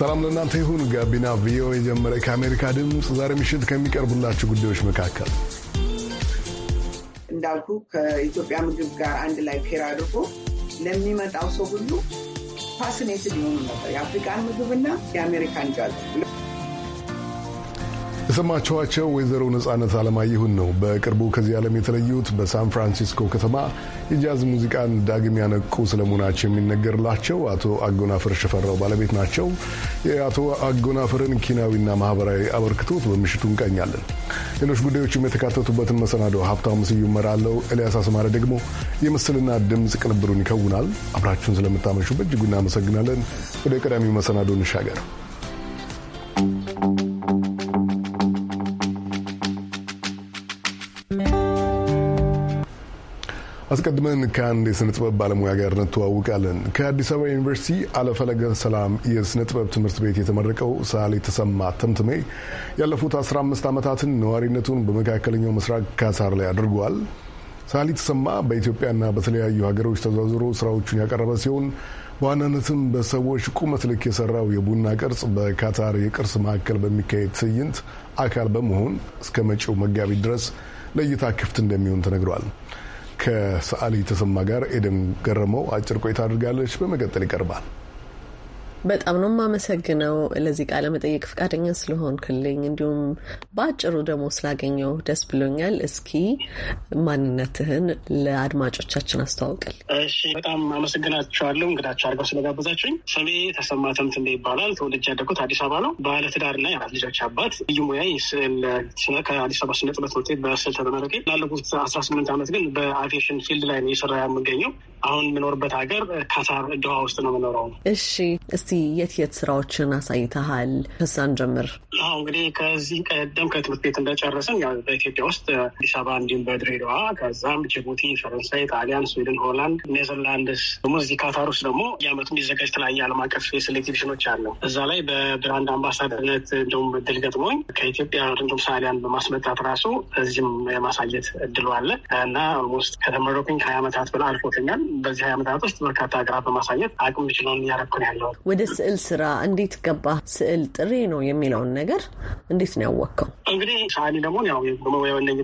ሰላም ለእናንተ ይሁን። ጋቢና ቪኦኤ የጀመረ ከአሜሪካ ድምፅ ዛሬ ምሽት ከሚቀርቡላችሁ ጉዳዮች መካከል እንዳልኩ ከኢትዮጵያ ምግብ ጋር አንድ ላይ ፔር አድርጎ ለሚመጣው ሰው ሁሉ ፋሲኔትድ የሆኑ ነበር የአፍሪካን ምግብና የአሜሪካን ጃዝ የሰማችኋቸው ወይዘሮ ነጻነት አለማየሁን ነው። በቅርቡ ከዚህ ዓለም የተለዩት በሳን ፍራንሲስኮ ከተማ የጃዝ ሙዚቃን ዳግም ያነቁ ስለመሆናቸው የሚነገርላቸው አቶ አጎናፍር ሽፈራው ባለቤት ናቸው። የአቶ አጎናፍርን ኪናዊና ማህበራዊ አበርክቶት በምሽቱ እንቃኛለን። ሌሎች ጉዳዮችም የተካተቱበትን መሰናዶ ሀብታሙ ስዩም መራለው። ኤልያስ አስማረ ደግሞ የምስልና ድምፅ ቅንብሩን ይከውናል። አብራችሁን ስለምታመሹ በእጅጉ እናመሰግናለን። ወደ ቀዳሚው መሰናዶ እንሻገር። አስቀድመን ከአንድ የስነ ጥበብ ባለሙያ ጋር እንተዋውቃለን። ከአዲስ አበባ ዩኒቨርሲቲ አለፈለገ ሰላም የስነ ጥበብ ትምህርት ቤት የተመረቀው ሳል የተሰማ ተምትሜ ያለፉት 15 ዓመታትን ነዋሪነቱን በመካከለኛው ምስራቅ ካሳር ላይ አድርጓል። ሰዓሊ ተሰማ በኢትዮጵያና በተለያዩ ሀገሮች ተዘዋዝሮ ስራዎቹን ያቀረበ ሲሆን በዋናነትም በሰዎች ቁመት ልክ የሰራው የቡና ቅርጽ በካታር የቅርስ ማዕከል በሚካሄድ ትዕይንት አካል በመሆን እስከ መጪው መጋቢት ድረስ ለእይታ ክፍት እንደሚሆን ተነግሯል። ከሰዓሊ ተሰማ ጋር ኤደን ገረመው አጭር ቆይታ አድርጋለች። በመቀጠል ይቀርባል። በጣም ነው የማመሰግነው ለዚህ ቃለ መጠየቅ ፈቃደኛ ስለሆንክልኝ፣ እንዲሁም በአጭሩ ደግሞ ስላገኘው ደስ ብሎኛል። እስኪ ማንነትህን ለአድማጮቻችን አስተዋውቅል እሺ፣ በጣም አመሰግናቸዋለሁ እንግዳቸው አድርገው ስለጋበዛችሁኝ። ስሜ ተሰማ ተምትንዴ ይባላል። ተወልጄ ያደኩት አዲስ አበባ ነው። ባለ ትዳርና የአራት ልጆች አባት። ልዩ ሙያዬ ከአዲስ አበባ ስነ ጥበት ትምህርት ቤት በስዕል ተመረቄ። ላለፉት አስራ ስምንት ዓመት ግን በአቪዬሽን ፊልድ ላይ ነው የሰራ የምገኘው። አሁን የምኖርበት ሀገር ካታር ድሃ ውስጥ ነው የምኖረው። እሺ እስቲ የት የት ስራዎችን አሳይተሃል? ከሳን ጀምር። አሁ እንግዲህ ከዚህ ቀደም ከትምህርት ቤት እንደጨረስን በኢትዮጵያ ውስጥ አዲስ አበባ እንዲሁም በድሬዳዋ ከዛም ጅቡቲ፣ ፈረንሳይ፣ ጣሊያን፣ ስዊድን፣ ሆላንድ፣ ኔዘርላንድስ ደግሞ እዚህ ካታር ውስጥ ደግሞ የአመቱ የሚዘጋጅ የተለያየ ዓለም አቀፍ የስዕል ኤግዚቢሽኖች አለው። እዛ ላይ በብራንድ አምባሳደርነት እንዲሁም እድል ገጥሞኝ ከኢትዮጵያ እንዲሁም ሰዓሊያን በማስመጣት ራሱ እዚህም የማሳየት እድሉ አለ እና ኦልሞስት ከተመረኩኝ ከሀያ ዓመታት በላይ አልፎተኛል። በዚህ ሀያ ዓመታት ውስጥ በርካታ ሀገራት በማሳየት አቅም ችለውን እያረኩን ያለው ወደ ስዕል ስራ እንዴት ገባ? ስዕል ጥሬ ነው የሚለውን ነገር እንዴት ነው ያወቅከው? እንግዲህ ሰዓሊ ደግሞ ያው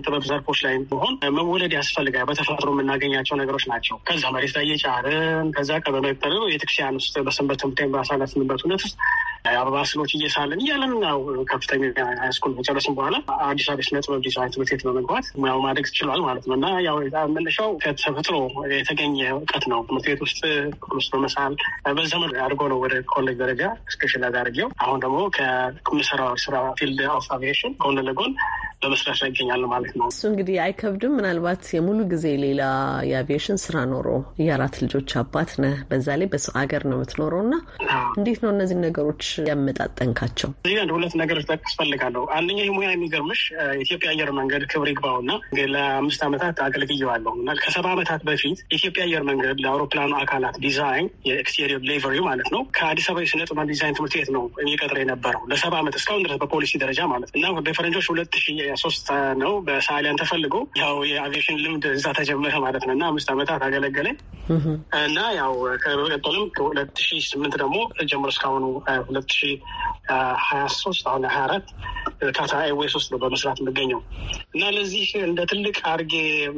ጥበብ ዘርፎች ላይ ሆን መወለድ ያስፈልጋል። በተፈጥሮ የምናገኛቸው ነገሮች ናቸው። ከዛ መሬት ላይ እየጫርን ከዛ ቀበመጠር ቤተክርስቲያን ውስጥ በሰንበት ትምህርት ባሳለፍንበት ሁነት ውስጥ አበባ ስሎች እየሳለን እያለን ነው። ከፍተኛ ሃይስኩል መጨረስም በኋላ አዲስ አበባ ስነ ጥበብ ዲዛይን ትምህርት ቤት በመግባት ሙያው ማደግ ትችሏል ማለት ነው እና ያው መነሻው ከተፈጥሮ የተገኘ እውቀት ነው። ትምህርት ቤት ውስጥ ክፍል ውስጥ በመሳል በዘመን አድርጎ ነው ወደ ኮሌጅ ደረጃ ስፔሻላይዝ አድርጌው አሁን ደግሞ ከምሰራው ስራ ፊልድ ኦፍ አቪዬሽን ጎን ለጎን በመስራት ላይ ይገኛሉ ማለት ነው። እሱ እንግዲህ አይከብድም። ምናልባት የሙሉ ጊዜ ሌላ የአቪዬሽን ስራ ኖሮ የአራት ልጆች አባት ነህ፣ በዛ ላይ በሰው ሀገር ነው የምትኖረው እና እንዴት ነው እነዚህ ነገሮች ያመጣጠንካቸው? እዚህ አንድ ሁለት ነገሮች ጠቅስ ፈልጋለሁ። አንደኛ ሙያ የሚገርምሽ ኢትዮጵያ አየር መንገድ ክብር ይግባው እና ለአምስት ዓመታት አገልግየዋለሁ እና ከሰባ ዓመታት በፊት የኢትዮጵያ አየር መንገድ ለአውሮፕላኑ አካላት ዲዛይን የኤክስቴሪየር ሌቨሪ ማለት ነው ከአዲስ አበባ የስነ ጥበብ ዲዛይን ትምህርት ቤት ነው የሚቀጥረ የነበረው ለሰባ ዓመት እስካሁን ድረስ በፖሊሲ ደረጃ ማለት እና በፈረንጆች ሁለት ሺ ሶስት ነው በሳሊያን ተፈልጎ ያው የአቪዬሽን ልምድ እዛ ተጀመረ ማለት ነው እና አምስት ዓመታት አገለገለኝ እና ያው ከቀጠልም ከሁለት ሺ ስምንት ደግሞ ጀምሮ እስካሁኑ ሁለት ሁለት ሺ ሀያ ሶስት አሁን ሀያ አራት ካታ ኤርዌይስ ውስጥ ነው በመስራት የምገኘው እና ለዚህ እንደ ትልቅ አድርጌ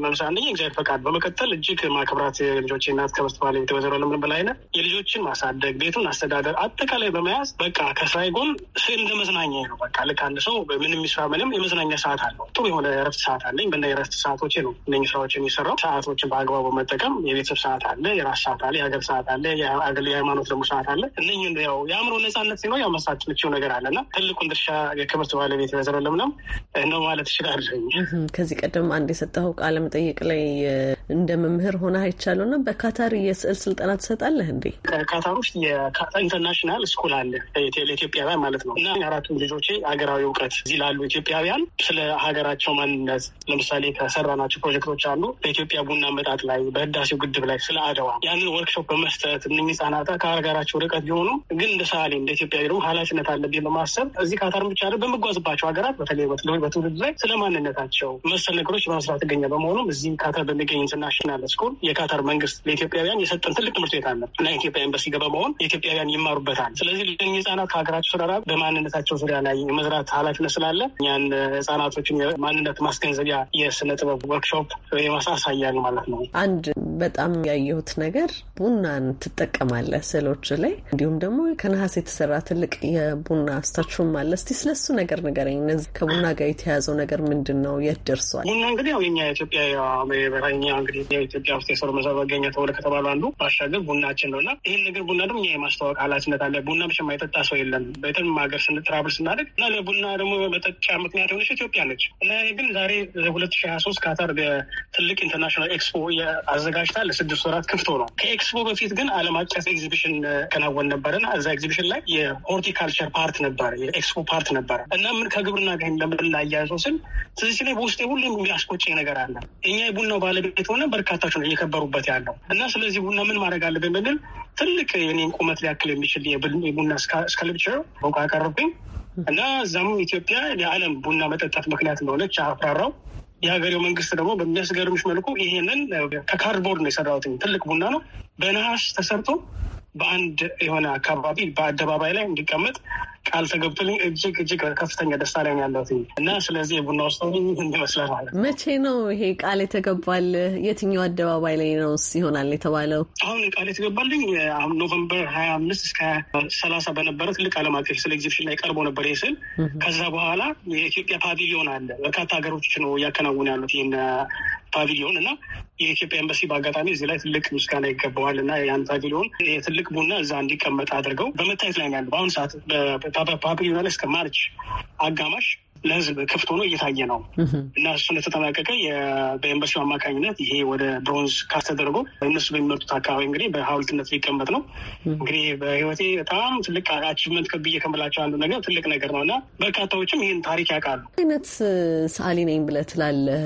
መምሳ አንደኛ እግዚአብሔር ፈቃድ፣ በመቀጠል እጅግ ማክብራት የልጆቼ እናት ከበስት ባለ የተወዘረ ለምን በላይነት የልጆችን ማሳደግ ቤቱን አስተዳደር አጠቃላይ በመያዝ በቃ ከስራዬ ጎን እንደ መዝናኛ ነው። በቃ ልክ አንድ ሰው ምን የሚስራ ምንም የመዝናኛ ሰዓት አለው። ጥሩ የሆነ እረፍት ሰዓት አለኝ። በና የረፍት ሰዓቶቼ ነው እነ ስራዎች የሚሰራው ሰዓቶችን በአግባቡ መጠቀም የቤተሰብ ሰዓት አለ፣ የራስ ሰዓት አለ፣ የሀገር ሰዓት አለ፣ የሃይማኖት ደግሞ ሰዓት አለ። እነ ያው የአእምሮ ነጻ ማለት ሲኖ ያው መሳችልችው ነገር አለና ትልቁን ድርሻ የክብርት ባለቤት ይመስለው ለምለም ነው ማለት ይችላለኝ። ከዚህ ቀደም አንድ የሰጠኸው ቃለ መጠይቅ ላይ እንደ መምህር ሆነ አይቻለሁ ና በካታር የስዕል ስልጠና ትሰጣለህ እንዴ? ከካታር ውስጥ የካታር ኢንተርናሽናል ስኩል አለ ለኢትዮጵያውያን ማለት ነው እና አራቱም ልጆቼ ሀገራዊ እውቀት እዚህ ላሉ ኢትዮጵያውያን ስለ ሀገራቸው ማንነት ለምሳሌ ከሰራናቸው ፕሮጀክቶች አሉ በኢትዮጵያ ቡና መጣት ላይ በህዳሴው ግድብ ላይ ስለ አደዋ ያንን ወርክሾፕ በመስጠት እነህ ህጻናት ከሀገራቸው ርቀት ቢሆኑ ግን እንደ ሰዓሊ እንደ ኢትዮጵያ ደግሞ ኃላፊነት አለብኝ በማሰብ እዚህ ካታር ብቻ ነው በምጓዝባቸው ሀገራት በተለይ በትልሆ በትውልድ ላይ ስለ ማንነታቸው መሰል ነገሮች በመስራት ይገኛ በመሆኑም እዚህ ካታር በሚገኝ ኢንተርናሽናል ስኩል የካታር መንግስት ለኢትዮጵያውያን የሰጠን ትልቅ ትምህርት ቤት አለ እና ኢትዮጵያ ኤምባሲ ገባ መሆን የኢትዮጵያውያን ይማሩበታል። ስለዚህ ለኝ ህጻናት ከሀገራቸው ስራራ በማንነታቸው ዙሪያ ላይ የመዝራት ኃላፊነት ስላለ እኛን ህጻናቶችን የማንነት ማስገንዘቢያ የስነ ጥበብ ወርክሾፕ የማሳሳያል ማለት ነው። አንድ በጣም ያየሁት ነገር ቡናን ትጠቀማለህ ስዕሎች ላይ እንዲሁም ደግሞ ከነሐስ የተሰ የተሰራ ትልቅ የቡና ስታችሁም አለ። እስቲ ስለሱ ነገር ንገረኝ። እነዚህ ከቡና ጋር የተያዘው ነገር ምንድን ነው? የት ደርሷል? ቡና እንግዲህ ያው የኛ ኢትዮጵያ በራኛ እንግዲህ ኢትዮጵያ ውስጥ የሰሩ መሰረ መገኛ ተብሎ ከተባሉ አንዱ ባሻገር ቡናችን ነው እና ይህን ነገር ቡና ደግሞ እኛ የማስተዋወቅ ኃላፊነት አለ። ቡና ብቻ የማይጠጣ ሰው የለም። በየትም ሀገር ስንትራብል ስናደግ እና ለቡና ደግሞ መጠጫ ምክንያት የሆነች ኢትዮጵያ ነች እና ግን ዛሬ ሁለት ሺ ሀያ ሶስት ካታር ትልቅ ኢንተርናሽናል ኤክስፖ አዘጋጅታ ለስድስት ወራት ክፍት ነው። ከኤክስፖ በፊት ግን አለም አቀፍ ኤግዚቢሽን ከናወን ነበረና እዛ ኤግዚቢሽን ላይ የሆርቲካልቸር ፓርት ነበረ፣ የኤክስፖ ፓርት ነበረ እና ምን ከግብርና ጋር እንደምን ላያያዘው ስል ትዝ ላይ በውስጤ ሁሉ የሚያስቆጭ ነገር አለ። እኛ የቡናው ባለቤት ሆነ በርካታቸው ነው እየከበሩበት ያለው እና ስለዚህ ቡና ምን ማድረግ አለብን በሚል ትልቅ የኔን ቁመት ሊያክል የሚችል የቡና ስካልፕቸር በውቃ አቀረብኝ እና እዛም ኢትዮጵያ የዓለም ቡና መጠጣት ምክንያት እንደሆነች አፍራራው። የሀገሬው መንግስት ደግሞ በሚያስገርምሽ መልኩ ይሄንን ከካርድቦርድ ነው የሰራሁት። ትልቅ ቡና ነው በነሐስ ተሰርቶ በአንድ የሆነ አካባቢ በአደባባይ ላይ እንዲቀመጥ ቃል ተገብቶልኝ እጅግ እጅግ ከፍተኛ ደስታ ላይ ያለት እና ስለዚህ የቡና ውስጥ ይመስላል ማለት ነው። መቼ ነው ይሄ ቃል የተገባል? የትኛው አደባባይ ላይ ነው ይሆናል የተባለው? አሁን ቃል የተገባልኝ አሁን ኖቨምበር ሀያ አምስት እስከ ሰላሳ በነበረ ትልቅ ዓለም አቀፍ ስለ ኤግዚቢሽን ላይ ቀርቦ ነበር ይህ ስል ከዛ በኋላ የኢትዮጵያ ፓቪሊዮን አለ። በርካታ ሀገሮች ነው እያከናወኑ ያሉት ይህን ፓቪሊዮን እና የኢትዮጵያ ኤምባሲ በአጋጣሚ እዚህ ላይ ትልቅ ምስጋና ይገባዋል እና ያን ፓቪሊዮን ትልቅ ቡና እዛ እንዲቀመጥ አድርገው በመታየት ላይ ያለ በአሁኑ ሰዓት በአፕሪል እስከ ማርች አጋማሽ ለህዝብ ክፍት ሆኖ እየታየ ነው እና እሱ እንደተጠናቀቀ በኤምባሲው አማካኝነት ይሄ ወደ ብሮንዝ ካስ ተደርጎ እነሱ በሚመርጡት አካባቢ እንግዲህ በሀውልትነት ሊቀመጥ ነው። እንግዲህ በህይወቴ በጣም ትልቅ አቺቭመንት ከብዬ ከምላቸው አንዱ ነገር ትልቅ ነገር ነው እና በርካታዎችም ይህን ታሪክ ያውቃሉ። አይነት ሰዓሊ ነኝ ብለህ ትላለህ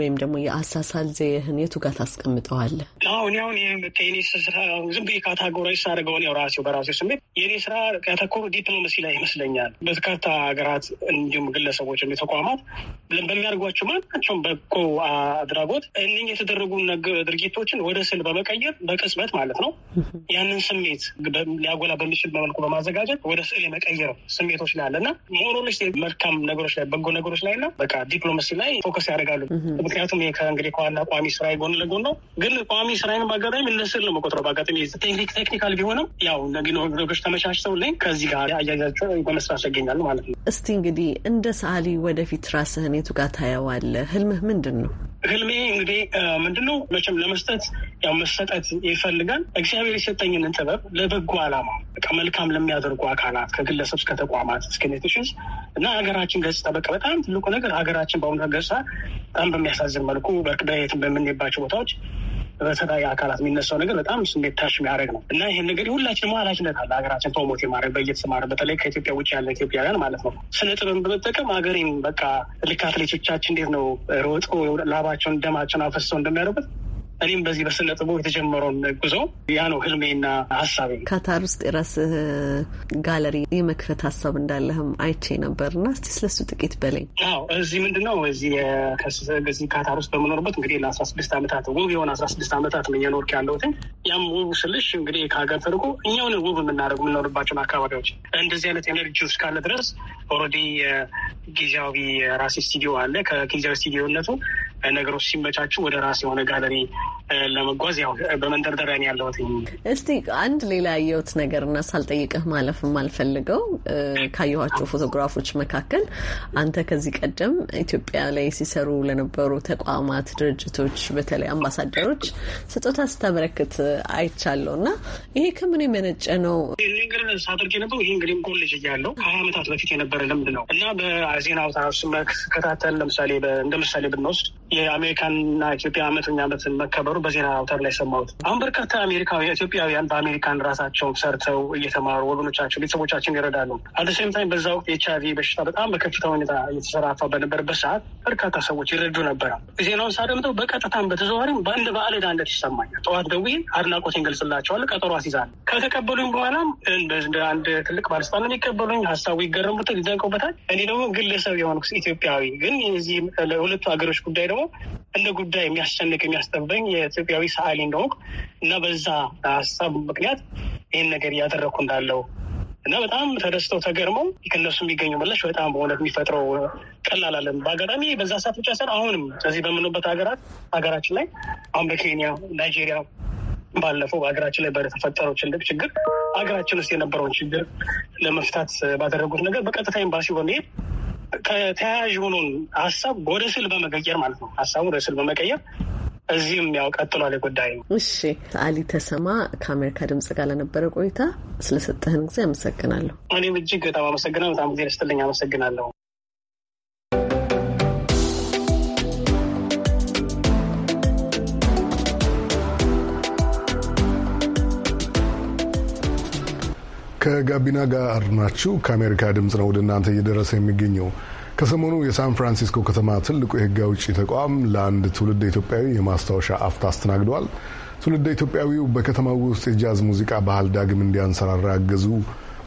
ወይም ደግሞ የአሳሳል ዘህን የቱ ጋር ታስቀምጠዋለህ? አሁን ያሁን ይህ የኔ ስራ ዝም ብዬ ካታጎራዊ ሳደርገውን ያው ራሴው በራሴው ስሜት የኔ ስራ ያተኮሩ ዲፕሎ ቀደም ሲል ይመስለኛል በርካታ ሀገራት እንዲሁም ግለሰቦች ወይም ተቋማት በሚያደርጓቸው ማናቸውም በጎ አድራጎት እነኛ የተደረጉ ድርጊቶችን ወደ ስል በመቀየር በቅጽበት ማለት ነው ያንን ስሜት ሊያጎላ በሚችል መልኩ በማዘጋጀት ወደ ስል የመቀየር ስሜቶች ላይ አለና እና ሞሮሎች መልካም ነገሮች ላይ በጎ ነገሮች ላይ ና በቃ ዲፕሎማሲ ላይ ፎከስ ያደርጋሉ። ምክንያቱም ከእንግዲህ ከዋና ቋሚ ስራ ጎን ለጎን ነው። ግን ቋሚ ስራይን በአጋጣሚ ለስል ነው መቆጥረው በአጋጣሚ ቴክኒክ ቴክኒካል ቢሆንም ያው ነገሮች ተመቻችተውልኝ ከዚህ ጋር አያያቸው በመስራት ያገኛሉ ማለት ነው። እስቲ እንግዲህ እንደ ሰዓሊ ወደፊት ራስህን የቱ ጋር ታየዋለህ? ህልምህ ምንድን ነው? ህልሜ እንግዲህ ምንድን ነው? መቼም ለመስጠት ያው መሰጠት ይፈልጋል። እግዚአብሔር የሰጠኝንን ጥበብ ለበጎ አላማ በቃ መልካም ለሚያደርጉ አካላት ከግለሰብ እስከ ተቋማት እስከ ኔትሽንስ እና ሀገራችን ገጽታ በቃ በጣም ትልቁ ነገር ሀገራችን በአሁኑ ገጽታ በጣም በሚያሳዝን መልኩ በየትም በምንሄባቸው ቦታዎች በተለያዩ አካላት የሚነሳው ነገር በጣም ስሜት ታሽ የሚያደርግ ነው እና ይህን ነገር የሁላችንም ኃላፊነት አለ ሀገራችን ፕሮሞት የማድረግ በየተሰማረ በተለይ ከኢትዮጵያ ውጭ ያለ ኢትዮጵያውያን ማለት ነው ስነ ጥበብን በመጠቀም ሀገሬን በቃ ልክ አትሌቶቻችን እንዴት ነው ሮጦ ላባቸውን ደማቸውን አፈሰው እንደሚያደርጉት እኔም በዚህ በስነ ጥበብ የተጀመረውን ጉዞ ያ ነው ህልሜና ሀሳቤ። ካታር ውስጥ የራስህ ጋለሪ የመክፈት ሀሳብ እንዳለህም አይቼ ነበር እና እስቲ ስለሱ ጥቂት በለኝ። አዎ እዚህ ነው እዚህ ካታር ውስጥ በምኖርበት እንግዲህ ለአስራ ስድስት ዓመታት ውብ የሆነ አስራ ስድስት ዓመታት ነው እየኖርክ ያለሁትን ያም ውብ ስልሽ እንግዲህ ከሀገር ተርቆ እኛውን ውብ የምናደርግ የምንኖርባቸውን አካባቢዎች እንደዚህ አይነት ኤነርጂ ውስጥ ካለ ድረስ ኦልሬዲ ጊዜያዊ ራሴ ስቱዲዮ አለ ከጊዜያዊ ስቱዲዮነቱ ነገሮች ሲመቻቹ ወደ ራስ የሆነ ጋለሪ ለመጓዝ ያው በመንደርደሪያ ነው ያለሁት። እስቲ አንድ ሌላ ያየሁት ነገር እና ሳልጠይቅህ ማለፍ የማልፈልገው ካየኋቸው ፎቶግራፎች መካከል አንተ ከዚህ ቀደም ኢትዮጵያ ላይ ሲሰሩ ለነበሩ ተቋማት፣ ድርጅቶች በተለይ አምባሳደሮች ስጦታ ስታበረክት አይቻለሁ እና ይሄ ከምን የመነጨ ነው? ነገር ሳደርግ የነበረው ይህ እንግዲህ ኮሌጅ እያለሁ ከሀያ ዓመታት በፊት የነበረ ልምድ ነው እና በዜና አውታሮች መከታተል ለምሳሌ እንደ ምሳሌ ብንወስድ የአሜሪካንና ኢትዮጵያ አመተኛ ዓመትን መከበሩ በዜና አውታር ላይ ሰማሁት። አሁን በርካታ አሜሪካዊ ኢትዮጵያውያን በአሜሪካን ራሳቸውን ሰርተው እየተማሩ ወገኖቻቸው፣ ቤተሰቦቻችን ይረዳሉ። አደሴም ታይም በዛ ወቅት ኤች አይቪ በሽታ በጣም በከፍታ ሁኔታ እየተሰራፋ በነበረበት ሰዓት በርካታ ሰዎች ይረዱ ነበረ። ዜናውን ሳደምጠው በቀጥታም በተዘዋሪም በአንድ በዓል ዕዳነት ይሰማኛል። ጠዋት ደውዬ አድናቆት እንገልጽላቸዋለሁ። ቀጠሮ አስይዛለሁ። ከተቀበሉኝ በኋላም እንደ አንድ ትልቅ ባለስልጣን የሚቀበሉኝ ሀሳቡ ይገረሙት ይደንቀውበታል። እኔ ደግሞ ግለሰብ የሆንኩ ኢትዮጵያዊ ግን የዚህ ለሁለቱ ሀገሮች ጉዳይ ደግሞ እንደ ጉዳይ የሚያስጨንቅ የሚያስጠብኝ የኢትዮጵያዊ ሰዓሊ እንደሆንኩ እና በዛ ሀሳብ ምክንያት ይህን ነገር እያደረግኩ እንዳለው እና በጣም ተደስተው ተገርመው ከእነሱ የሚገኙ ምላሽ በጣም በእውነት የሚፈጥረው ቀላል አለን። በአጋጣሚ በዛ ሰዓት ብቻ ሳይሆን አሁንም እዚህ በምንበት ሀገራት ሀገራችን ላይ አሁን በኬንያ፣ ናይጄሪያ ባለፈው በሀገራችን ላይ በተፈጠረው ትልቅ ችግር ሀገራችን ውስጥ የነበረውን ችግር ለመፍታት ባደረጉት ነገር በቀጥታ ኤምባሲው በመሄድ ከተያያዥ ሆኑን ሀሳብ ወደ ስዕል በመቀየር ማለት ነው። ሀሳቡ ወደ ስዕል በመቀየር እዚህም ያው ቀጥሏል ጉዳይ። እሺ አሊ ተሰማ ከአሜሪካ ድምጽ ጋር ለነበረ ቆይታ ስለሰጠህን ጊዜ አመሰግናለሁ። እኔም እጅግ በጣም አመሰግናለሁ። በጣም ጊዜ ደስትልኝ አመሰግናለሁ። ከጋቢና ጋር ናችሁ። ከአሜሪካ ድምጽ ነው ወደ እናንተ እየደረሰ የሚገኘው። ከሰሞኑ የሳን ፍራንሲስኮ ከተማ ትልቁ የህግ አውጪ ተቋም ለአንድ ትውልድ ኢትዮጵያዊ የማስታወሻ አፍታ አስተናግደዋል። ትውልድ ኢትዮጵያዊው በከተማው ውስጥ የጃዝ ሙዚቃ ባህል ዳግም እንዲያንሰራራ ያገዙ፣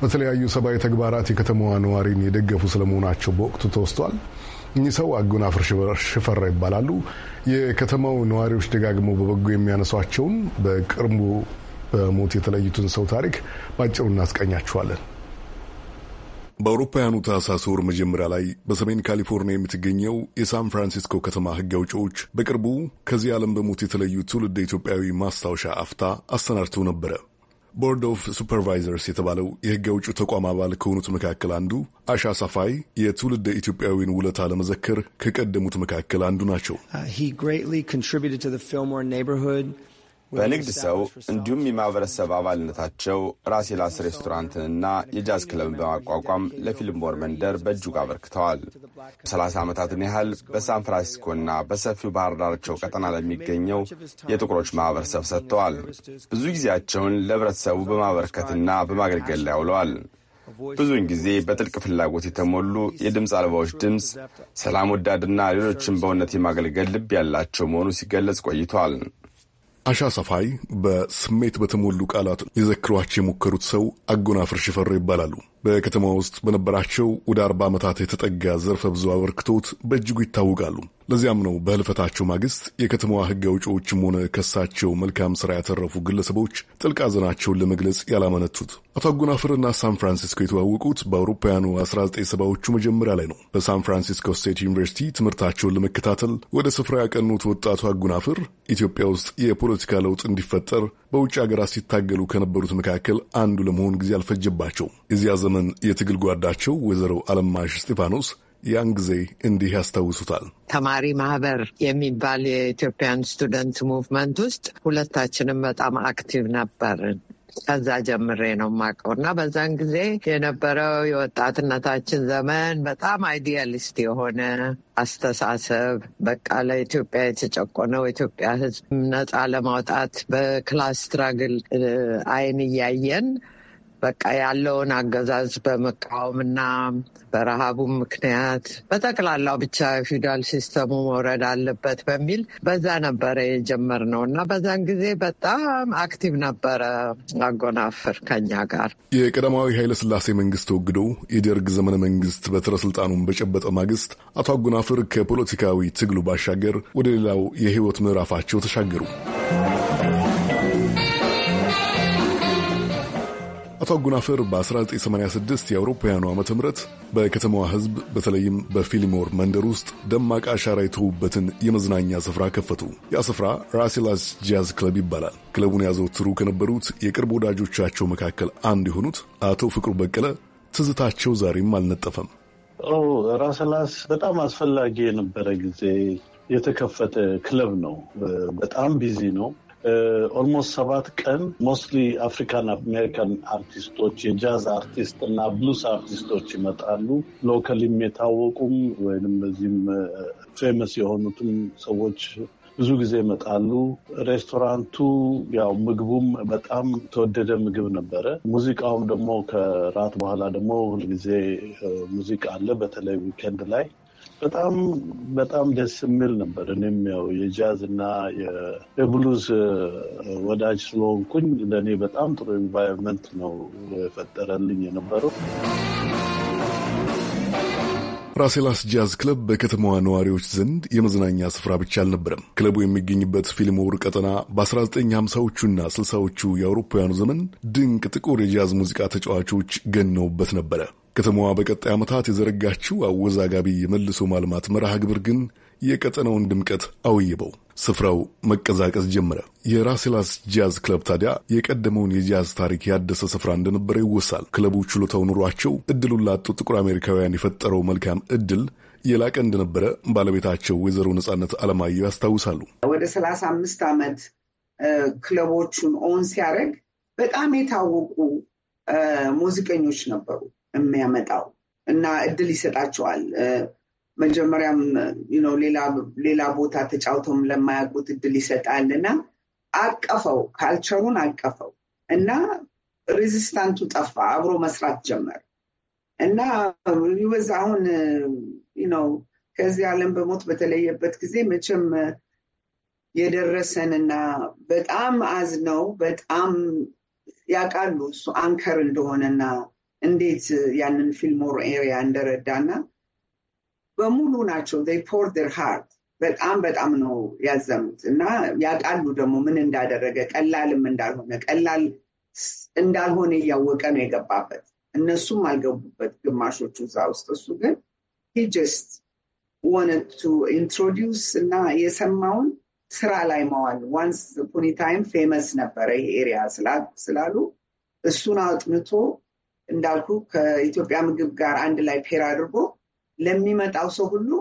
በተለያዩ ሰብአዊ ተግባራት የከተማዋ ነዋሪን የደገፉ ስለመሆናቸው በወቅቱ ተወስቷል። እኚህ ሰው አጎናፍር ሽፈራ ይባላሉ። የከተማው ነዋሪዎች ደጋግመው በበጎ የሚያነሷቸውን በቅርቡ በሞት የተለዩትን ሰው ታሪክ ባጭሩ እናስቀኛችኋለን። በአውሮፓውያኑ ታህሳስ ወር መጀመሪያ ላይ በሰሜን ካሊፎርኒያ የምትገኘው የሳን ፍራንሲስኮ ከተማ ሕግ አውጪዎች በቅርቡ ከዚህ ዓለም በሞት የተለዩ ትውልድ ኢትዮጵያዊ ማስታወሻ አፍታ አሰናድተው ነበረ። ቦርድ ኦፍ ሱፐርቫይዘርስ የተባለው የሕግ አውጪ ተቋም አባል ከሆኑት መካከል አንዱ አሻ ሳፋይ የትውልድ ኢትዮጵያዊን ውለታ ለመዘከር ከቀደሙት መካከል አንዱ ናቸው። uh, በንግድ ሰው እንዲሁም የማህበረሰብ አባልነታቸው ራሴ ላስ ሬስቶራንትንና የጃዝ ክለብን በማቋቋም ለፊልም ወር መንደር በእጅጉ አበርክተዋል። ሰላሳ ዓመታትን ያህል በሳን ፍራንሲስኮና በሰፊው ባህር ዳርቻው ቀጠና ለሚገኘው የጥቁሮች ማህበረሰብ ሰጥተዋል። ብዙ ጊዜያቸውን ለህብረተሰቡ በማበረከትና በማገልገል ላይ አውለዋል። ብዙውን ጊዜ በጥልቅ ፍላጎት የተሞሉ የድምፅ አልባዎች ድምፅ ሰላም ወዳድና ሌሎችን በእውነት የማገልገል ልብ ያላቸው መሆኑ ሲገለጽ ቆይቷል። አሻ ሰፋይ በስሜት በተሞሉ ቃላት የዘክሯቸው የሞከሩት ሰው አጎናፍር ሽፈሮ ይባላሉ። በከተማ ውስጥ በነበራቸው ወደ አርባ ዓመታት የተጠጋ ዘርፈ ብዙ አበርክቶት በእጅጉ ይታወቃሉ። ለዚያም ነው በህልፈታቸው ማግስት የከተማዋ ሕግ አውጪዎችም ሆነ ከሳቸው መልካም ሥራ ያተረፉ ግለሰቦች ጥልቅ ሐዘናቸውን ለመግለጽ ያላመነቱት። አቶ አጎናፍርና ሳን ፍራንሲስኮ የተዋወቁት በአውሮፓውያኑ 1970ዎቹ መጀመሪያ ላይ ነው። በሳን ፍራንሲስኮ ስቴት ዩኒቨርሲቲ ትምህርታቸውን ለመከታተል ወደ ስፍራ ያቀኑት ወጣቱ አጎናፍር ኢትዮጵያ ውስጥ የፖለቲካ ለውጥ እንዲፈጠር በውጭ ሀገራት ሲታገሉ ከነበሩት መካከል አንዱ ለመሆን ጊዜ አልፈጀባቸው። የዚያ ዘመን ዘመን የትግል ጓዳቸው ወይዘሮ አለማሽ እስጢፋኖስ ያን ጊዜ እንዲህ ያስታውሱታል። ተማሪ ማህበር የሚባል የኢትዮጵያን ስቱደንት ሙቭመንት ውስጥ ሁለታችንም በጣም አክቲቭ ነበርን። ከዛ ጀምሬ ነው የማውቀው እና በዛን ጊዜ የነበረው የወጣትነታችን ዘመን በጣም አይዲያሊስት የሆነ አስተሳሰብ በቃ ለኢትዮጵያ የተጨቆነው ኢትዮጵያ ሕዝብ ነፃ ለማውጣት በክላስ ስትራግል አይን እያየን በቃ ያለውን አገዛዝ በመቃወምና በረሃቡ ምክንያት በጠቅላላው ብቻ ፊውዳል ሲስተሙ መውረድ አለበት በሚል በዛ ነበረ የጀመርነው እና በዛን ጊዜ በጣም አክቲቭ ነበረ አጎናፍር ከኛ ጋር። የቀዳማዊ ስላሴ መንግስት ተወግዶ የደርግ ዘመነ መንግስት በትረ ስልጣኑን በጨበጠ ማግስት አቶ አጎናፍር ከፖለቲካዊ ትግሉ ባሻገር ወደ ሌላው የህይወት ምዕራፋቸው ተሻገሩ። አቶ አጎናፍር በ1986 የአውሮፓውያኑ ዓመተ ምህረት በከተማዋ ሕዝብ በተለይም በፊሊሞር መንደር ውስጥ ደማቅ አሻራ የተዉበትን የመዝናኛ ስፍራ ከፈቱ። ያ ስፍራ ራሴላስ ጃዝ ክለብ ይባላል። ክለቡን ያዘወትሩ ከነበሩት የቅርብ ወዳጆቻቸው መካከል አንድ የሆኑት አቶ ፍቅሩ በቀለ ትዝታቸው ዛሬም አልነጠፈም። ራሴላስ በጣም አስፈላጊ የነበረ ጊዜ የተከፈተ ክለብ ነው። በጣም ቢዚ ነው። ኦልሞስት uh, ሰባት ቀን ሞስትሊ አፍሪካን አሜሪካን አርቲስቶች የጃዝ አርቲስት እና ብሉስ አርቲስቶች ይመጣሉ። ሎከሊም የታወቁም ወይም በዚህም ፌመስ uh, የሆኑትም ሰዎች ብዙ ጊዜ ይመጣሉ። ሬስቶራንቱ ያው ምግቡም በጣም ተወደደ ምግብ ነበረ። ሙዚቃውም ደግሞ ከራት በኋላ ደግሞ ሁልጊዜ uh, ሙዚቃ አለ፣ በተለይ ዊኬንድ ላይ በጣም በጣም ደስ የሚል ነበር። እኔም ያው የጃዝ እና የብሉዝ ወዳጅ ስለሆንኩኝ ለእኔ በጣም ጥሩ ኤንቫይሮንመንት ነው የፈጠረልኝ የነበረው። ራሴላስ ጃዝ ክለብ በከተማዋ ነዋሪዎች ዘንድ የመዝናኛ ስፍራ ብቻ አልነበረም። ክለቡ የሚገኝበት ፊልሞር ቀጠና በ1950ዎቹና 60ዎቹ የአውሮፓውያኑ ዘመን ድንቅ ጥቁር የጃዝ ሙዚቃ ተጫዋቾች ገነውበት ነበረ። ከተማዋ በቀጣይ ዓመታት የዘረጋችው አወዛጋቢ የመልሶ ማልማት መርሃ ግብር ግን የቀጠናውን ድምቀት አውይበው ስፍራው መቀዛቀዝ ጀመረ። የራሴላስ ጃዝ ክለብ ታዲያ የቀደመውን የጃዝ ታሪክ ያደሰ ስፍራ እንደነበረ ይወሳል። ክለቡ ችሎታው ኑሯቸው እድሉን ላጡ ጥቁር አሜሪካውያን የፈጠረው መልካም እድል የላቀ እንደነበረ ባለቤታቸው ወይዘሮ ነጻነት አለማየሁ ያስታውሳሉ። ወደ ሰላሳ አምስት ዓመት ክለቦቹን ኦን ሲያደርግ በጣም የታወቁ ሙዚቀኞች ነበሩ። የሚያመጣው እና እድል ይሰጣቸዋል። መጀመሪያም ሌላ ቦታ ተጫውተውም ለማያውቁት እድል ይሰጣል እና አቀፈው፣ ካልቸሩን አቀፈው እና ሬዚስታንቱ ጠፋ፣ አብሮ መስራት ጀመር እና ይበዛ አሁን ነው ከዚህ ዓለም በሞት በተለየበት ጊዜ መቼም እና በጣም አዝነው በጣም ያውቃሉ እሱ አንከር እንደሆነና እንዴት ያንን ፊልሞር ኤሪያ እንደረዳና በሙሉ ናቸው ፖር ር ሃርት በጣም በጣም ነው ያዘኑት እና ያውቃሉ ደግሞ ምን እንዳደረገ ቀላልም እንዳልሆነ ቀላል እንዳልሆነ እያወቀ ነው የገባበት። እነሱም አልገቡበት ግማሾቹ እዛ ውስጥ እሱ ግን ሂጀስት ወነቱ ኢንትሮዲውስ እና የሰማውን ስራ ላይ መዋል ዋንስ ፖኒ ታይም ፌመስ ነበረ ይሄ ኤሪያ ስላሉ እሱን አጥንቶ እንዳልኩ ከኢትዮጵያ ምግብ ጋር አንድ ላይ ፔር አድርጎ ለሚመጣው ሰው ሁሉ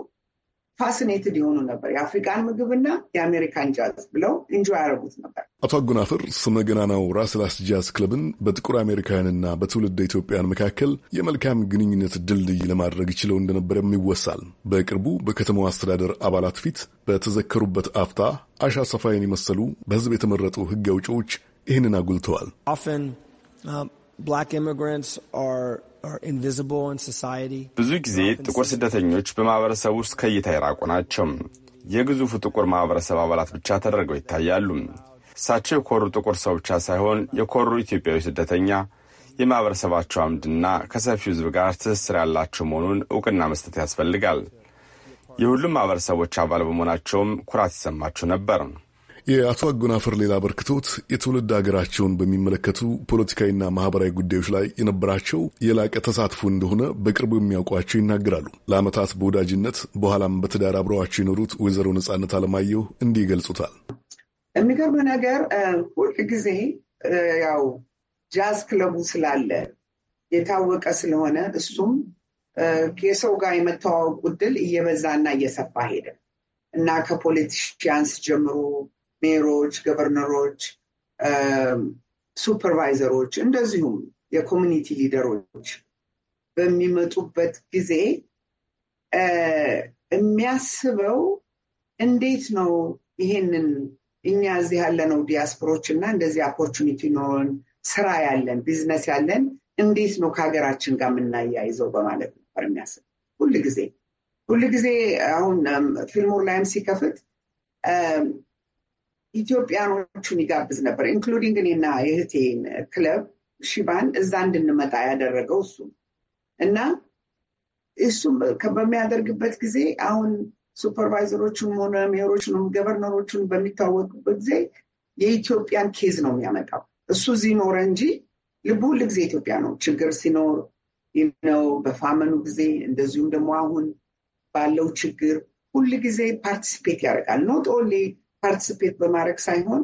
ፋሲኔትድ የሆኑ ነበር። የአፍሪካን ምግብና የአሜሪካን ጃዝ ብለው እንጆ ያደረጉት ነበር። አቶ አጎናፍር ስመገናናው ራስላስ ጃዝ ክለብን በጥቁር አሜሪካውያንና በትውልድ ኢትዮጵያን መካከል የመልካም ግንኙነት ድልድይ ለማድረግ ችለው እንደነበረም ይወሳል። በቅርቡ በከተማው አስተዳደር አባላት ፊት በተዘከሩበት አፍታ አሻ ሰፋይን የመሰሉ በህዝብ የተመረጡ ህግ አውጪዎች ይህንን አጉልተዋል። um, ብዙ ጊዜ ጥቁር ስደተኞች በማህበረሰብ ውስጥ ከእይታ የራቁ ናቸው። የግዙፉ ጥቁር ማህበረሰብ አባላት ብቻ ተደርገው ይታያሉ። እሳቸው የኮሩ ጥቁር ሰው ብቻ ሳይሆን የኮሩ ኢትዮጵያዊ ስደተኛ የማህበረሰባቸው አምድና ከሰፊው ሕዝብ ጋር ትስስር ያላቸው መሆኑን እውቅና መስጠት ያስፈልጋል። የሁሉም ማህበረሰቦች አባል በመሆናቸውም ኩራት ይሰማቸው ነበር። የአቶ አጎናፍር ሌላ አበርክቶት የትውልድ ሀገራቸውን በሚመለከቱ ፖለቲካዊና ማህበራዊ ጉዳዮች ላይ የነበራቸው የላቀ ተሳትፎ እንደሆነ በቅርቡ የሚያውቋቸው ይናገራሉ። ለአመታት በወዳጅነት በኋላም በትዳር አብረዋቸው የኖሩት ወይዘሮ ነጻነት አለማየሁ እንዲህ ይገልጹታል። የሚገርም ነገር ሁል ጊዜ ያው ጃዝ ክለቡ ስላለ የታወቀ ስለሆነ እሱም የሰው ጋር የመተዋወቁ ድል እየበዛና እየሰፋ ሄደ እና ከፖለቲሽያንስ ጀምሮ ሜሮች፣ ገቨርነሮች፣ ሱፐርቫይዘሮች እንደዚሁም የኮሚኒቲ ሊደሮች በሚመጡበት ጊዜ የሚያስበው እንዴት ነው ይሄንን እኛ እዚህ ያለነው ዲያስፖሮች እና እንደዚህ ኦፖርቹኒቲ ኖሮን ስራ ያለን ቢዝነስ ያለን እንዴት ነው ከሀገራችን ጋር የምናያይዘው በማለት ነበር የሚያስብ ሁልጊዜ ጊዜ አሁን ፊልሙር ላይም ሲከፍት ኢትዮጵያኖቹን ይጋብዝ ነበር። ኢንክሉዲንግ እኔና የእህቴን ክለብ ሺባን እዛ እንድንመጣ ያደረገው እሱ እና እሱም በሚያደርግበት ጊዜ አሁን ሱፐርቫይዘሮቹም ሆነ ሜሮችንም ገቨርነሮቹን በሚታወቁበት ጊዜ የኢትዮጵያን ኬዝ ነው የሚያመጣው። እሱ እዚህ ኖረ እንጂ ልቡ ሁል ጊዜ ኢትዮጵያ ነው። ችግር ሲኖር ነው በፋመኑ ጊዜ እንደዚሁም ደግሞ አሁን ባለው ችግር ሁል ጊዜ ፓርቲሲፔት ያደርጋል ኖት ኦንሊ ፓርቲስፔት በማድረግ ሳይሆን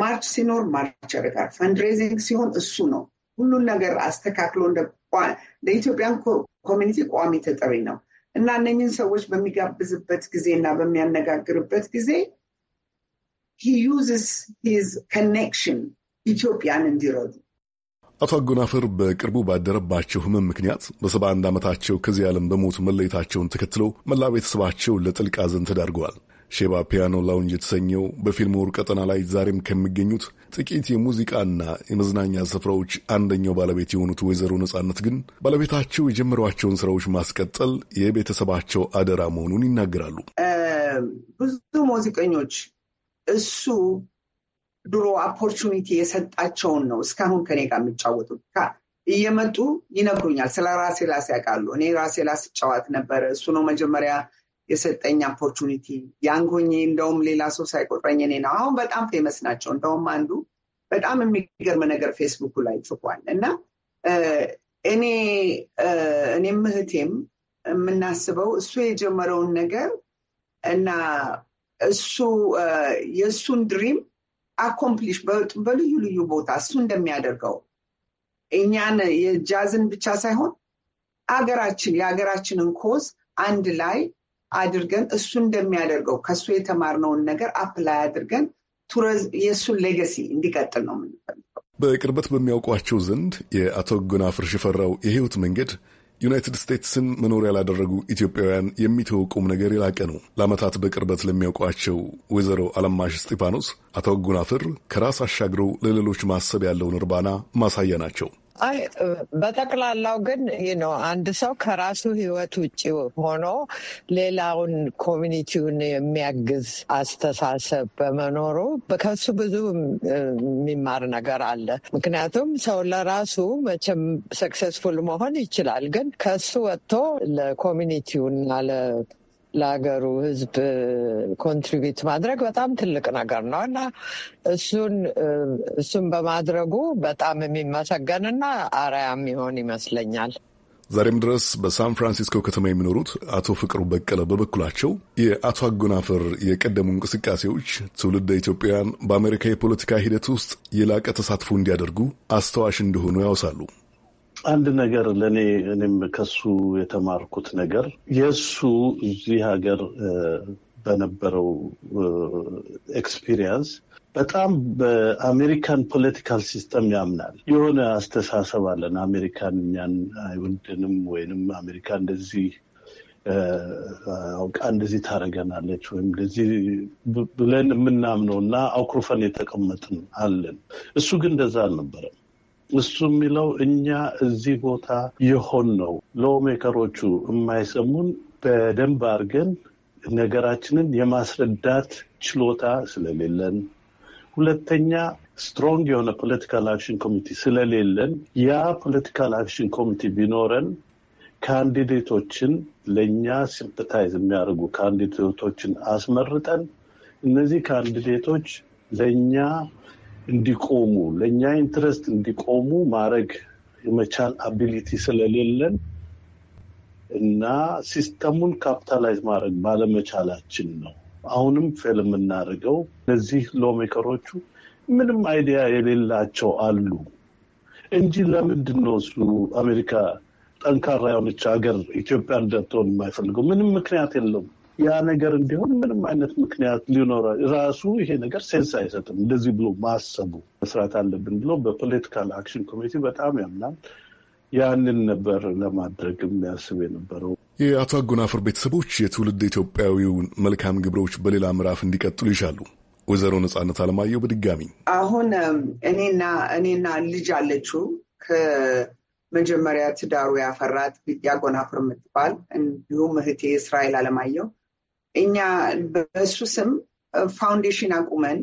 ማርች ሲኖር ማርች ያደርጋል። ፈንድሬዚንግ ሲሆን እሱ ነው ሁሉን ነገር አስተካክሎ ለኢትዮጵያን ኮሚኒቲ ቋሚ ተጠሪ ነው እና እነኝን ሰዎች በሚጋብዝበት ጊዜ እና በሚያነጋግርበት ጊዜ ሂ ዩዝስ ሂዝ ኮኔክሽን ኢትዮጵያን እንዲረዱ አቶ አጎናፍር በቅርቡ ባደረባቸው ህመም ምክንያት በሰባ አንድ ዓመታቸው ከዚህ ዓለም በሞት መለየታቸውን ተከትለው መላ ቤተሰባቸው ለጥልቅ ሐዘን ተዳርገዋል። ሼባ ፒያኖ ላውንጅ የተሰኘው በፊልም ወር ቀጠና ላይ ዛሬም ከሚገኙት ጥቂት የሙዚቃና የመዝናኛ ስፍራዎች አንደኛው ባለቤት የሆኑት ወይዘሮ ነጻነት ግን ባለቤታቸው የጀመሯቸውን ስራዎች ማስቀጠል የቤተሰባቸው አደራ መሆኑን ይናገራሉ። ብዙ ሙዚቀኞች እሱ ድሮ ኦፖርቹኒቲ የሰጣቸውን ነው እስካሁን ከኔ ጋር የሚጫወቱት። እየመጡ ይነግሩኛል። ስለ ራሴ ላስ ያውቃሉ። እኔ ራሴ ላስ ጫዋት ነበረ። እሱ ነው መጀመሪያ የሰጠኝ ኦፖርቹኒቲ ያን ሆኜ እንደውም ሌላ ሰው ሳይቆጥረኝ እኔ ነው አሁን በጣም ፌመስ ናቸው። እንደውም አንዱ በጣም የሚገርም ነገር ፌስቡኩ ላይ ጽፏል እና እኔ እኔም እህቴም የምናስበው እሱ የጀመረውን ነገር እና እሱ የእሱን ድሪም አኮምፕሊሽ በልዩ ልዩ ቦታ እሱ እንደሚያደርገው እኛን የጃዝን ብቻ ሳይሆን አገራችን የሀገራችንን ኮዝ አንድ ላይ አድርገን እሱ እንደሚያደርገው ከእሱ የተማርነውን ነገር አፕላይ አድርገን የእሱን ሌገሲ እንዲቀጥል ነው የምንፈልገው። በቅርበት በሚያውቋቸው ዘንድ የአቶ ጎናፍር ሽፈራው የህይወት መንገድ ዩናይትድ ስቴትስን መኖሪያ ላደረጉ ኢትዮጵያውያን የሚተወቁም ነገር የላቀ ነው። ለአመታት በቅርበት ለሚያውቋቸው ወይዘሮ አለማሽ እስጢፋኖስ አቶ ጎናፍር ከራስ አሻግረው ለሌሎች ማሰብ ያለውን እርባና ማሳያ ናቸው። አይ በጠቅላላው ግን ይህ ነው። አንድ ሰው ከራሱ ህይወት ውጭ ሆኖ ሌላውን ኮሚኒቲውን የሚያግዝ አስተሳሰብ በመኖሩ ከሱ ብዙ የሚማር ነገር አለ። ምክንያቱም ሰው ለራሱ መቼም ሰክሰስፉል መሆን ይችላል፣ ግን ከሱ ወጥቶ ለኮሚኒቲውና ለሀገሩ ህዝብ ኮንትሪቢዩት ማድረግ በጣም ትልቅ ነገር ነው እና እሱን እሱን በማድረጉ በጣም የሚመሰገንና አርአያ የሚሆን ይመስለኛል። ዛሬም ድረስ በሳን ፍራንሲስኮ ከተማ የሚኖሩት አቶ ፍቅሩ በቀለ በበኩላቸው የአቶ አጎናፈር የቀደሙ እንቅስቃሴዎች ትውልደ ኢትዮጵያውያን በአሜሪካ የፖለቲካ ሂደት ውስጥ የላቀ ተሳትፎ እንዲያደርጉ አስተዋሽ እንደሆኑ ያውሳሉ። አንድ ነገር ለእኔ እኔም ከሱ የተማርኩት ነገር የእሱ እዚህ ሀገር በነበረው ኤክስፒሪየንስ በጣም በአሜሪካን ፖለቲካል ሲስተም ያምናል። የሆነ አስተሳሰብ አለን። አሜሪካን እኛን አይወድንም ወይንም አሜሪካ እንደዚህ አውቃ እንደዚህ ታደርገናለች ወይም እንደዚህ ብለን የምናምነው እና አኩርፈን የተቀመጥን አለን። እሱ ግን እንደዛ አልነበረም። እሱ የሚለው እኛ እዚህ ቦታ የሆን ነው ሎሜከሮቹ የማይሰሙን በደንብ አድርገን ነገራችንን የማስረዳት ችሎታ ስለሌለን፣ ሁለተኛ ስትሮንግ የሆነ ፖለቲካል አክሽን ኮሚቲ ስለሌለን፣ ያ ፖለቲካል አክሽን ኮሚቲ ቢኖረን ካንዲዴቶችን ለእኛ ሲምፐታይዝ የሚያደርጉ ካንዲዴቶችን አስመርጠን እነዚህ ካንዲዴቶች ለእኛ እንዲቆሙ ለእኛ ኢንትረስት እንዲቆሙ ማድረግ የመቻል አቢሊቲ ስለሌለን እና ሲስተሙን ካፒታላይዝ ማድረግ ባለመቻላችን ነው አሁንም ፌል የምናደርገው። እነዚህ ሎሜከሮቹ ምንም አይዲያ የሌላቸው አሉ እንጂ ለምንድን ነው እሱ አሜሪካ ጠንካራ የሆነች ሀገር ኢትዮጵያ እንደትሆን የማይፈልገው? ምንም ምክንያት የለውም። ያ ነገር እንዲሆን ምንም አይነት ምክንያት ሊኖረ ራሱ ይሄ ነገር ሴንስ አይሰጥም። እንደዚህ ብሎ ማሰቡ መስራት አለብን ብሎ በፖለቲካል አክሽን ኮሚቴ በጣም ያምናል። ያንን ነበር ለማድረግ የሚያስብ የነበረው። የአቶ አጎናፍር ቤተሰቦች የትውልድ ኢትዮጵያዊውን መልካም ግብሮች በሌላ ምዕራፍ እንዲቀጥሉ ይሻሉ። ወይዘሮ ነጻነት አለማየሁ በድጋሚ አሁን እኔና እኔና ልጅ አለችው ከመጀመሪያ ትዳሩ ያፈራት ያጎናፍር የምትባል እንዲሁም እህቴ እስራኤል አለማየሁ እኛ በሱ ስም ፋውንዴሽን አቁመን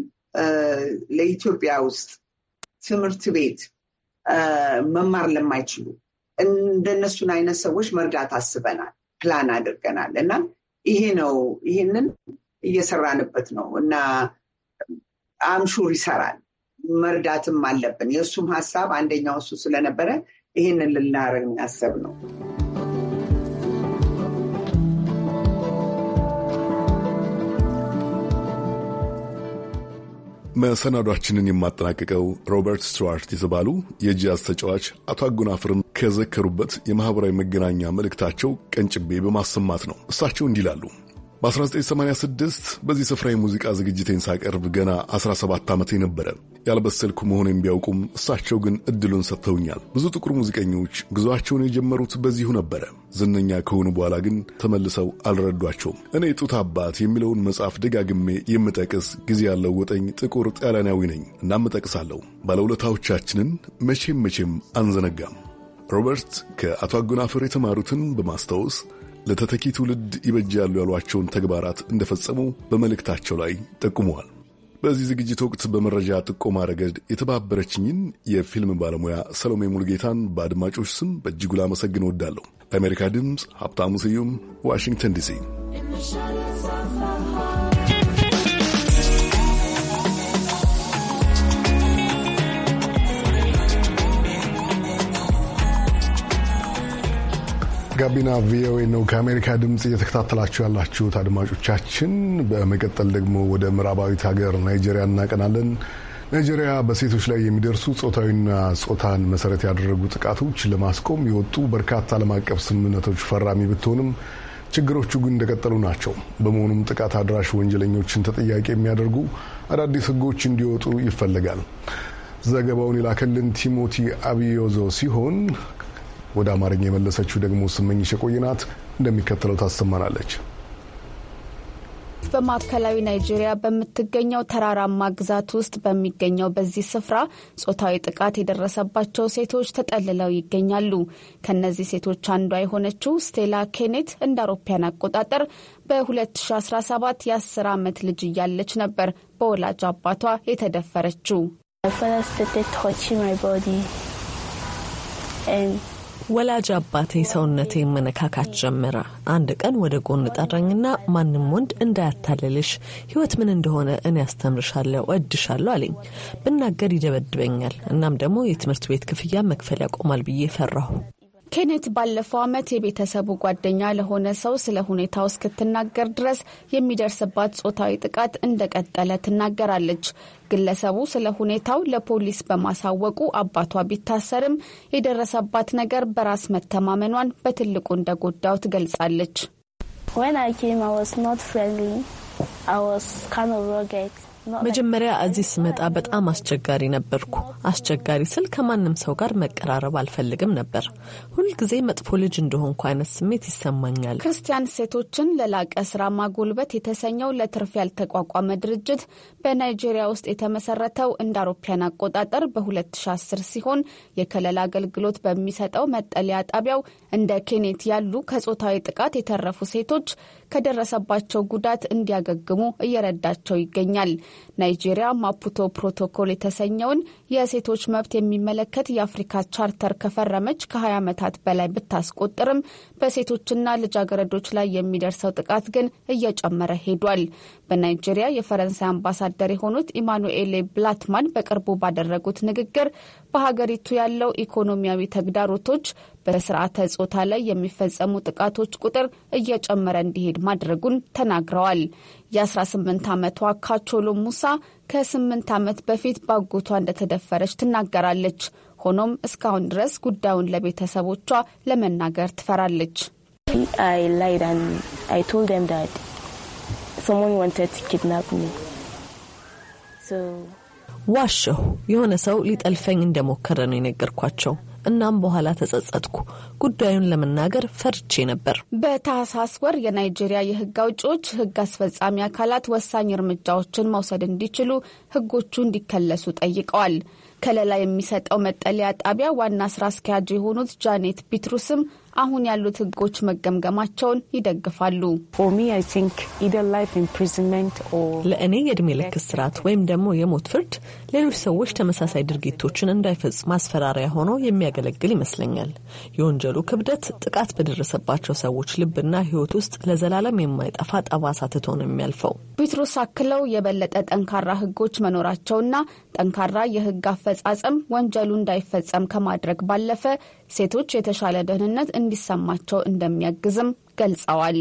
ለኢትዮጵያ ውስጥ ትምህርት ቤት መማር ለማይችሉ እንደነሱን አይነት ሰዎች መርዳት አስበናል፣ ፕላን አድርገናል እና ይሄ ነው። ይህንን እየሰራንበት ነው እና አምሹር ይሰራል። መርዳትም አለብን። የእሱም ሀሳብ አንደኛው እሱ ስለነበረ ይህንን ልናረግ ያሰብ ነው። መሰናዷችንን የማጠናቀቀው ሮበርት ስትዋርት የተባሉ የጃዝ ተጫዋች አቶ አጎናፍርን ከዘከሩበት የማኅበራዊ መገናኛ መልእክታቸው ቀንጭቤ በማሰማት ነው። እሳቸው እንዲህ ይላሉ። በ1986 በዚህ ስፍራ የሙዚቃ ዝግጅቴን ሳቀርብ ገና 17 ዓመቴ ነበረ። ያልበሰልኩ መሆኔን ቢያውቁም እሳቸው ግን እድሉን ሰጥተውኛል። ብዙ ጥቁር ሙዚቀኞች ጉዞአቸውን የጀመሩት በዚሁ ነበረ። ዝነኛ ከሆኑ በኋላ ግን ተመልሰው አልረዷቸውም። እኔ ጡት አባት የሚለውን መጽሐፍ ደጋግሜ የምጠቅስ ጊዜ ያለው ወጠኝ ጥቁር ጣሊያናዊ ነኝ። እናም እጠቅሳለሁ። ባለውለታዎቻችንን መቼም መቼም አንዘነጋም። ሮበርት ከአቶ አጎናፍር የተማሩትን በማስታወስ ለተተኪ ትውልድ ይበጃሉ ያሏቸውን ተግባራት እንደፈጸሙ በመልእክታቸው ላይ ጠቁመዋል። በዚህ ዝግጅት ወቅት በመረጃ ጥቆማ ረገድ የተባበረችኝን የፊልም ባለሙያ ሰሎሜ ሙልጌታን በአድማጮች ስም በእጅጉ ላመሰግን እወዳለሁ። ለአሜሪካ ድምፅ ሀብታሙ ስዩም ዋሽንግተን ዲሲ ጋቢና ቪኦኤ ነው ከአሜሪካ ድምፅ እየተከታተላችሁ ያላችሁት አድማጮቻችን። በመቀጠል ደግሞ ወደ ምዕራባዊት ሀገር ናይጄሪያ እናቀናለን። ናይጄሪያ በሴቶች ላይ የሚደርሱ ጾታዊና ጾታን መሰረት ያደረጉ ጥቃቶች ለማስቆም የወጡ በርካታ ዓለም አቀፍ ስምምነቶች ፈራሚ ብትሆንም ችግሮቹ ግን እንደቀጠሉ ናቸው። በመሆኑም ጥቃት አድራሽ ወንጀለኞችን ተጠያቂ የሚያደርጉ አዳዲስ ሕጎች እንዲወጡ ይፈልጋል። ዘገባውን የላከልን ቲሞቲ አብዮዞ ሲሆን ወደ አማርኛ የመለሰችው ደግሞ ስመኝሽ የቆይናት እንደሚከተለው ታሰማናለች። በማዕከላዊ ናይጄሪያ በምትገኘው ተራራማ ግዛት ውስጥ በሚገኘው በዚህ ስፍራ ጾታዊ ጥቃት የደረሰባቸው ሴቶች ተጠልለው ይገኛሉ። ከነዚህ ሴቶች አንዷ የሆነችው ስቴላ ኬኔት እንደ አውሮፓያን አቆጣጠር በ2017 የ10 ዓመት ልጅ እያለች ነበር በወላጅ አባቷ የተደፈረችው። ወላጅ አባቴ ሰውነቴ መነካካት ጀመረ። አንድ ቀን ወደ ጎን ጠረኝና ማንም ወንድ እንዳያታልልሽ፣ ህይወት ምን እንደሆነ እኔ ያስተምርሻለሁ፣ እድሻለሁ አለኝ። ብናገር ይደበድበኛል። እናም ደግሞ የትምህርት ቤት ክፍያ መክፈል ያቆማል ብዬ ፈራሁ። ኬኔት ባለፈው ዓመት የቤተሰቡ ጓደኛ ለሆነ ሰው ስለ ሁኔታው እስክትናገር ድረስ የሚደርስባት ጾታዊ ጥቃት እንደቀጠለ ትናገራለች። ግለሰቡ ስለ ሁኔታው ለፖሊስ በማሳወቁ አባቷ ቢታሰርም የደረሰባት ነገር በራስ መተማመኗን በትልቁ እንደጎዳው ትገልጻለች። መጀመሪያ እዚህ ስመጣ በጣም አስቸጋሪ ነበርኩ። አስቸጋሪ ስል ከማንም ሰው ጋር መቀራረብ አልፈልግም ነበር። ሁልጊዜ መጥፎ ልጅ እንደሆንኩ አይነት ስሜት ይሰማኛል። ክርስቲያን ሴቶችን ለላቀ ስራ ማጎልበት የተሰኘው ለትርፍ ያልተቋቋመ ድርጅት በናይጄሪያ ውስጥ የተመሰረተው እንደ አውሮፓውያን አቆጣጠር በ2010 ሲሆን የከለላ አገልግሎት በሚሰጠው መጠለያ ጣቢያው እንደ ኬኔት ያሉ ከጾታዊ ጥቃት የተረፉ ሴቶች ከደረሰባቸው ጉዳት እንዲያገግሙ እየረዳቸው ይገኛል። ናይጄሪያ ማፑቶ ፕሮቶኮል የተሰኘውን የሴቶች መብት የሚመለከት የአፍሪካ ቻርተር ከፈረመች ከ20 ዓመታት በላይ ብታስቆጥርም በሴቶችና ልጃገረዶች ላይ የሚደርሰው ጥቃት ግን እየጨመረ ሄዷል። በናይጄሪያ የፈረንሳይ አምባሳደር የሆኑት ኢማኑኤሌ ብላትማን በቅርቡ ባደረጉት ንግግር በሀገሪቱ ያለው ኢኮኖሚያዊ ተግዳሮቶች በስርዓተ ጾታ ላይ የሚፈጸሙ ጥቃቶች ቁጥር እየጨመረ እንዲሄድ ማድረጉን ተናግረዋል። የ18 ዓመቷ ካቾሎ ሙሳ ከ8 ዓመት በፊት ባጎቷ እንደተደፈረች ትናገራለች። ሆኖም እስካሁን ድረስ ጉዳዩን ለቤተሰቦቿ ለመናገር ትፈራለች። ዋሸሁ። የሆነ ሰው ሊጠልፈኝ እንደሞከረ ነው የነገርኳቸው። እናም በኋላ ተጸጸትኩ። ጉዳዩን ለመናገር ፈርቼ ነበር። በታህሳስ ወር የናይጄሪያ የህግ አውጪዎች ህግ አስፈጻሚ አካላት ወሳኝ እርምጃዎችን መውሰድ እንዲችሉ ህጎቹ እንዲከለሱ ጠይቀዋል። ከለላ የሚሰጠው መጠለያ ጣቢያ ዋና ስራ አስኪያጅ የሆኑት ጃኔት ፒትሩስም አሁን ያሉት ህጎች መገምገማቸውን ይደግፋሉ። ለእኔ የእድሜ ልክ እስራት ወይም ደግሞ የሞት ፍርድ ሌሎች ሰዎች ተመሳሳይ ድርጊቶችን እንዳይፈጽ ማስፈራሪያ ሆኖ የሚያገለግል ይመስለኛል። የወንጀሉ ክብደት ጥቃት በደረሰባቸው ሰዎች ልብና ህይወት ውስጥ ለዘላለም የማይጠፋ ጠባሳ ትቶ ነው የሚያልፈው። ቢትሮስ አክለው የበለጠ ጠንካራ ህጎች መኖራቸውና ጠንካራ የህግ አፈጻጸም ወንጀሉ እንዳይፈጸም ከማድረግ ባለፈ ሴቶች የተሻለ ደህንነት እንዲሰማቸው እንደሚያግዝም ገልጸዋል።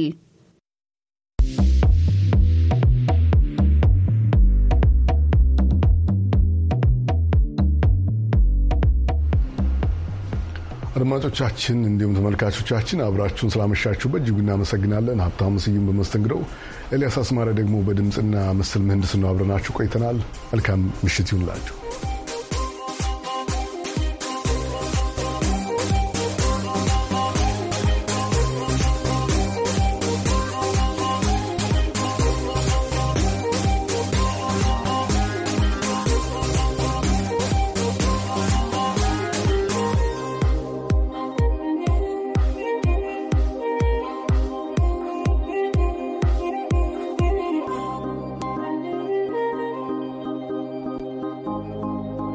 አድማጮቻችን እንዲሁም ተመልካቾቻችን አብራችሁን ስላመሻችሁ በእጅጉ እናመሰግናለን። ሀብታሙ ስዩም በመስተንግደው፣ ኤልያስ አስማሪያ ደግሞ በድምፅና ምስል ምህንድስና አብረናችሁ ቆይተናል። መልካም ምሽት ይሁንላችሁ።